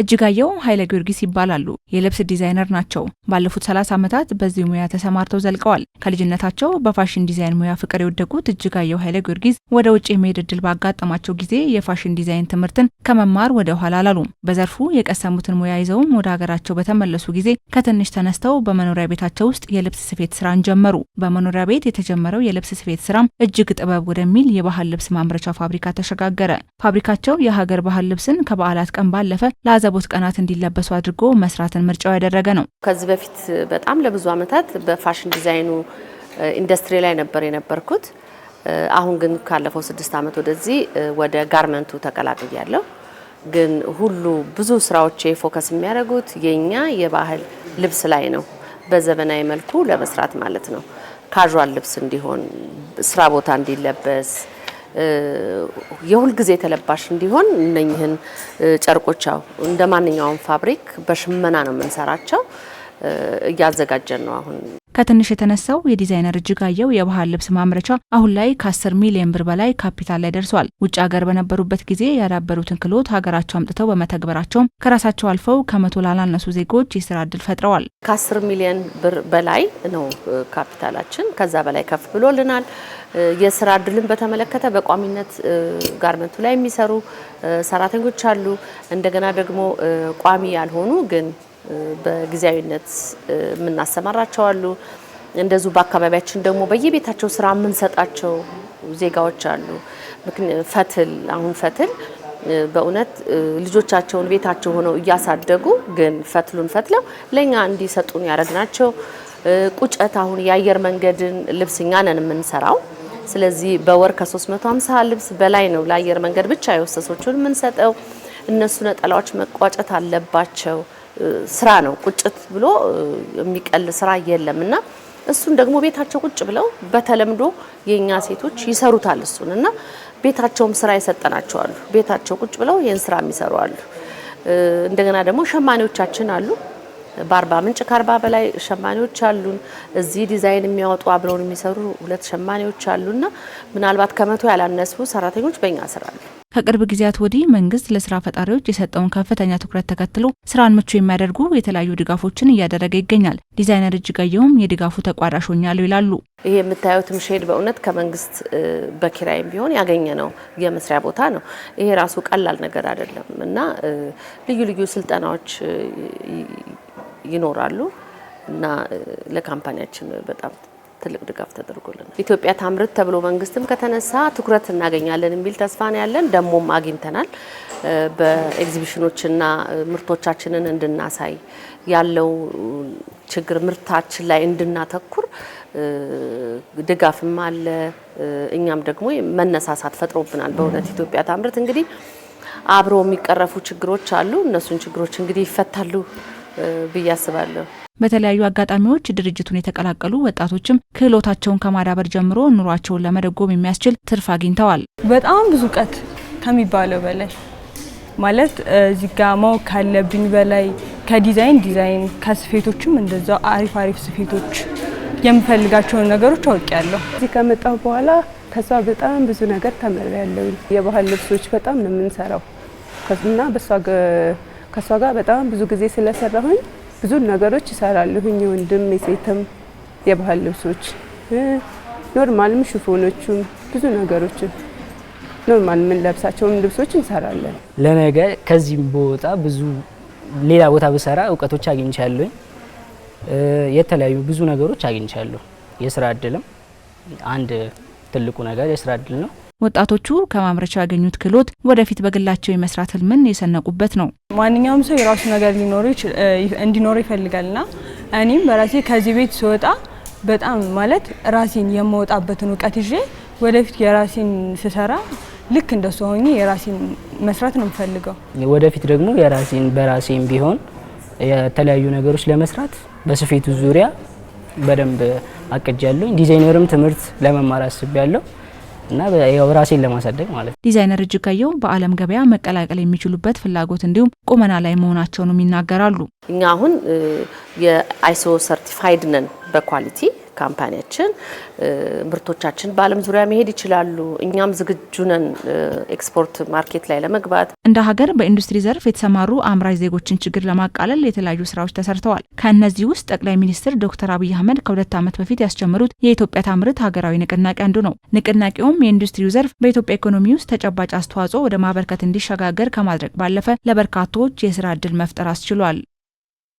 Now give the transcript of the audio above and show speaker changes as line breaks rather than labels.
እጅጋየው ኃይለ ጊዮርጊስ ይባላሉ። የልብስ ዲዛይነር ናቸው። ባለፉት 30 ዓመታት በዚህ ሙያ ተሰማርተው ዘልቀዋል። ከልጅነታቸው በፋሽን ዲዛይን ሙያ ፍቅር የወደቁት እጅጋየው ኃይለ ጊዮርጊስ ወደ ውጭ የመሄድ እድል ባጋጠማቸው ጊዜ የፋሽን ዲዛይን ትምህርትን ከመማር ወደ ኋላ አላሉም። በዘርፉ የቀሰሙትን ሙያ ይዘውም ወደ ሀገራቸው በተመለሱ ጊዜ ከትንሽ ተነስተው በመኖሪያ ቤታቸው ውስጥ የልብስ ስፌት ስራን ጀመሩ። በመኖሪያ ቤት የተጀመረው የልብስ ስፌት ስራም እጅግ ጥበብ ወደሚል የባህል ልብስ ማምረቻ ፋብሪካ ተሸጋገረ። ፋብሪካቸው የሀገር ባህል ልብስን ከበዓላት ቀን ባለፈ ለአዘ በታዘቡት ቀናት እንዲለበሱ አድርጎ መስራትን ምርጫው ያደረገ ነው።
ከዚህ በፊት በጣም ለብዙ ዓመታት በፋሽን ዲዛይኑ ኢንዱስትሪ ላይ ነበር የነበርኩት። አሁን ግን ካለፈው ስድስት ዓመት ወደዚህ ወደ ጋርመንቱ ተቀላቅያለሁ። ግን ሁሉ ብዙ ስራዎች ፎከስ የሚያደርጉት የኛ የባህል ልብስ ላይ ነው። በዘመናዊ መልኩ ለመስራት ማለት ነው። ካዥዋል ልብስ እንዲሆን ስራ ቦታ እንዲለበስ የሁልጊዜ ተለባሽ እንዲሆን እነኝህን ጨርቆቻው እንደ ማንኛውም ፋብሪክ በሽመና ነው የምንሰራቸው። እያዘጋጀን ነው አሁን
ከትንሽ የተነሳው የዲዛይነር እጅጋየው የባህል ልብስ ማምረቻ አሁን ላይ ከ10 ሚሊዮን ብር በላይ ካፒታል ላይ ደርሷል። ውጭ ሀገር በነበሩበት ጊዜ ያዳበሩትን ክህሎት ሀገራቸው አምጥተው በመተግበራቸውም ከራሳቸው አልፈው ከመቶ ላላነሱ ዜጎች የስራ እድል ፈጥረዋል።
ከ10 ሚሊዮን ብር በላይ ነው ካፒታላችን። ከዛ በላይ ከፍ ብሎልናል። የስራ እድልን በተመለከተ በቋሚነት ጋርመንቱ ላይ የሚሰሩ ሰራተኞች አሉ። እንደገና ደግሞ ቋሚ ያልሆኑ ግን በጊዜያዊነት የምናሰማራቸው አሉ። እንደዚሁ በአካባቢያችን ደግሞ በየቤታቸው ስራ የምንሰጣቸው ዜጋዎች አሉ። ፈትል አሁን ፈትል በእውነት ልጆቻቸውን ቤታቸው ሆነው እያሳደጉ ግን ፈትሉን ፈትለው ለእኛ እንዲሰጡን ያደረግናቸው ቁጨት አሁን የአየር መንገድን ልብስ እኛ ነን የምንሰራው ስለዚህ በወር ከ350 ልብስ በላይ ነው ለአየር መንገድ ብቻ የወሰሶቹን የምንሰጠው። እነሱ ነጠላዎች መቋጨት አለባቸው። ስራ ነው፣ ቁጭት ብሎ የሚቀል ስራ የለም እና እሱን ደግሞ ቤታቸው ቁጭ ብለው በተለምዶ የኛ ሴቶች ይሰሩታል። እሱን እና ቤታቸውም ስራ የሰጠናቸው አሉ። ቤታቸው ቁጭ ብለው ይህን ስራ የሚሰሩ አሉ። እንደገና ደግሞ ሸማኔዎቻችን አሉ። በአርባ ምንጭ ከአርባ በላይ ሸማኔዎች አሉን። እዚህ ዲዛይን የሚያወጡ አብረውን የሚሰሩ ሁለት ሸማኔዎች አሉና ምናልባት ከመቶ ያላነሱ ሰራተኞች በእኛ ስራ አሉ።
ከቅርብ ጊዜያት ወዲህ መንግስት ለስራ ፈጣሪዎች የሰጠውን ከፍተኛ ትኩረት ተከትሎ ስራን ምቹ የሚያደርጉ የተለያዩ ድጋፎችን እያደረገ ይገኛል። ዲዛይነር እጅጋየሁም የድጋፉ ተቋዳሽ ሆኛለሁ ይላሉ።
ይሄ የምታዩት ምሼድ በእውነት ከመንግስት በኪራይም ቢሆን ያገኘ ነው የመስሪያ ቦታ ነው። ይሄ ራሱ ቀላል ነገር አይደለም እና ልዩ ልዩ ስልጠናዎች ይኖራሉ እና ለካምፓኒያችን በጣም ትልቅ ድጋፍ ተደርጎልናል። ኢትዮጵያ ታምርት ተብሎ መንግስትም ከተነሳ ትኩረት እናገኛለን የሚል ተስፋ ነው ያለን። ደሞም አግኝተናል። በኤግዚቢሽኖችና ምርቶቻችንን እንድናሳይ ያለው ችግር ምርታችን ላይ እንድናተኩር ድጋፍም አለ። እኛም ደግሞ መነሳሳት ፈጥሮብናል። በእውነት ኢትዮጵያ ታምርት እንግዲህ አብሮ የሚቀረፉ ችግሮች አሉ። እነሱን ችግሮች እንግዲህ ይፈታሉ ብዬ አስባለሁ።
በተለያዩ አጋጣሚዎች ድርጅቱን የተቀላቀሉ ወጣቶችም ክህሎታቸውን ከማዳበር ጀምሮ ኑሯቸውን ለመደጎም የሚያስችል ትርፍ አግኝተዋል።
በጣም ብዙ እውቀት ከሚባለው በላይ ማለት እዚህ ጋ ማወቅ ካለብኝ በላይ ከዲዛይን ዲዛይን ከስፌቶችም እንደዛ አሪፍ አሪፍ ስፌቶች የምፈልጋቸውን ነገሮች አውቄያለሁ። እዚህ ከመጣሁ በኋላ ከሷ በጣም ብዙ ነገር ተምሬያለሁ። የባህል ልብሶች በጣም ነው የምንሰራው እና በሷ ከእሷ ጋር በጣም ብዙ ጊዜ ስለሰራሁኝ ብዙ ነገሮች ይሰራለሁኝ። የወንድም የሴትም የባህል ልብሶች ኖርማልም፣ ሽፎኖቹም ብዙ ነገሮችን ኖርማል የምንለብሳቸውም ልብሶች እንሰራለን።
ለነገ ከዚህ ቦታ ብዙ ሌላ ቦታ ብሰራ እውቀቶች አግኝቻለሁኝ። የተለያዩ ብዙ ነገሮች አግኝቻለሁ። የስራ እድልም አንድ ትልቁ ነገር የስራ እድል ነው።
ወጣቶቹ ከማምረቻው ያገኙት ክህሎት ወደፊት በግላቸው የመስራት ህልምን የሰነቁበት ነው።
ማንኛውም ሰው የራሱ ነገር እንዲኖረው ና እኔም በራሴ ከዚህ ቤት ስወጣ በጣም ማለት ራሴን የማወጣበትን እውቀት ይዤ ወደፊት የራሴን ስሰራ ልክ እንደሱ ሆኜ የራሴን መስራት ነው የምፈልገው።
ወደፊት ደግሞ የራሴን በራሴን ቢሆን የተለያዩ ነገሮች ለመስራት በስፌቱ ዙሪያ በደንብ አቅጃለሁ። ዲዛይነርም ትምህርት ለመማር አስቤያለሁ። እና ያው ራሴን ለማሳደግ ማለት ነው።
ዲዛይነር እጅጋየው በዓለም ገበያ መቀላቀል የሚችሉበት ፍላጎት እንዲሁም ቁመና ላይ መሆናቸውንም ይናገራሉ።
እኛ አሁን የአይሶ ሰርቲፋይድ ነን በኳሊቲ ካምፓኒያችን ምርቶቻችን በዓለም ዙሪያ መሄድ ይችላሉ። እኛም ዝግጁ ነን ኤክስፖርት ማርኬት ላይ ለመግባት።
እንደ ሀገር በኢንዱስትሪ ዘርፍ የተሰማሩ አምራች ዜጎችን ችግር ለማቃለል የተለያዩ ስራዎች ተሰርተዋል። ከእነዚህ ውስጥ ጠቅላይ ሚኒስትር ዶክተር አብይ አህመድ ከሁለት ዓመት በፊት ያስጀመሩት የኢትዮጵያ ታምርት ሀገራዊ ንቅናቄ አንዱ ነው። ንቅናቄውም የኢንዱስትሪው ዘርፍ በኢትዮጵያ ኢኮኖሚ ውስጥ ተጨባጭ አስተዋጽኦ ወደ ማበርከት እንዲሸጋገር ከማድረግ ባለፈ ለበርካቶች የስራ እድል መፍጠር አስችሏል።